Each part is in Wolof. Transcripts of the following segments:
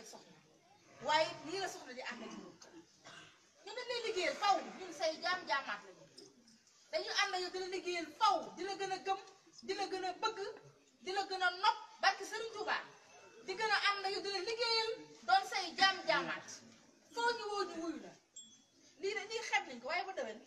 ànd ak waaye lii la soxna di ànd ak ñun ñun dañ lay liggéeyal faw ñun say jaam-jaamaat lañu dañuy ànd ak yow di la liggéeyal faw di la gën a gëm di la gën a bëgg di la gën a nopp barki Sëriñ Tuuba di gën a ànd ak yow di la liggéeyal doon say jaam-jaamaat foo ñu woo ñu wuyu la lii dañuy xeeb nañ ko waaye ba déwén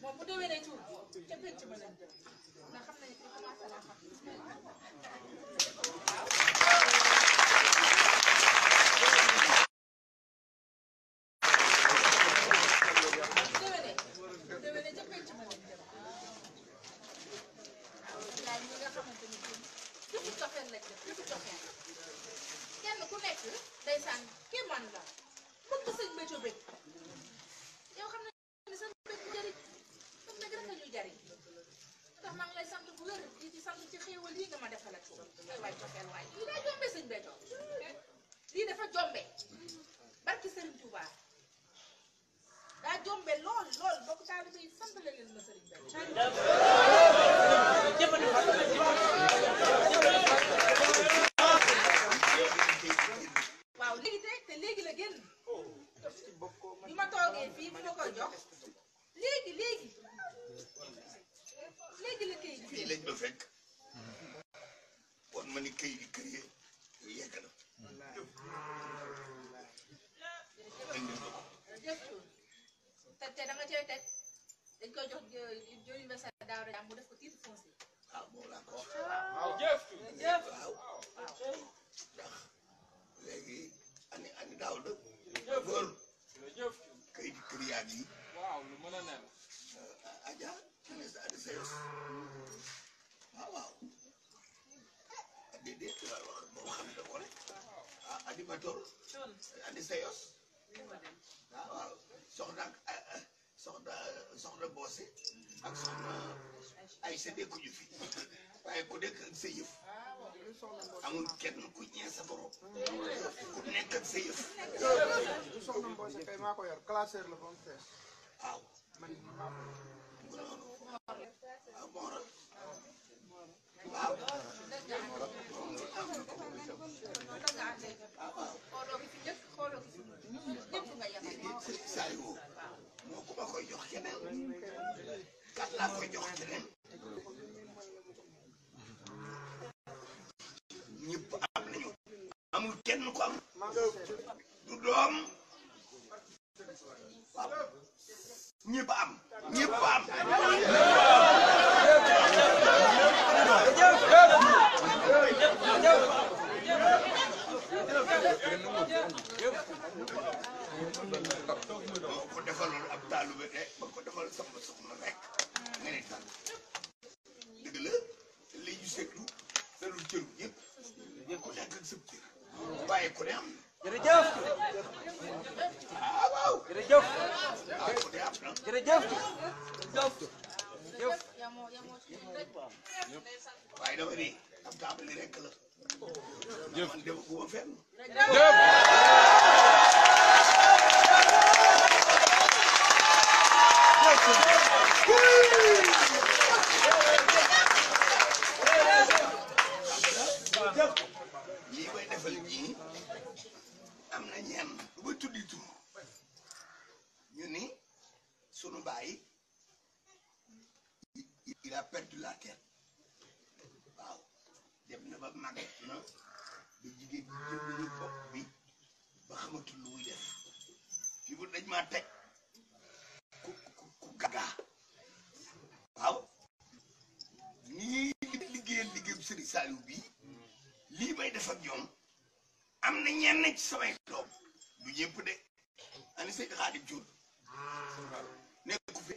moom bu déwénee ci ca penc ma fekk wan ma ni këy di kër yee yow yegg na te te da nga cay teg dañ koy jox jëriñ ba sa daaw da mu def ko titre foncier ah, waaw moom laa ko fi ma toll. andi sa yos. soxna soxna Boose ak soxna ay sa nekkuñu fi waaye ku nekk ak sa yëf kenn ku ñee sa ku nekk ak sa soxna Boose kay maa ko yor classeur la ba mu fees. waaw man maa yor. Ah, waaw. ma ko am du doom waaw ñëpp am ñëpp am jërëjëf waaw jërëjëf jërëjëf jëf waaye dama ni am table rek la jëf sunu baay il a perdu la waaw dem na ba mag na ba jigéen ñi jënduñu bopp bi ba xamatul lu muy def li bu dañ maa teg ku ku ku gagaa waaw nii liggéeyal liggéeyu Serigne Saliou bi lii may def ak am na ñenn ci samay doom du ñëpp de ani Seydi Xaadim Cuun nekku fi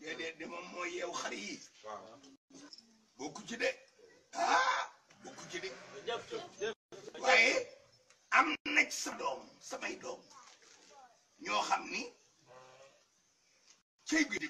déedéet de moom mooy yeew xar yi bokku ci ah bokku ci de waaye am na ci sa doom samay doom ñoo xam ni cey bi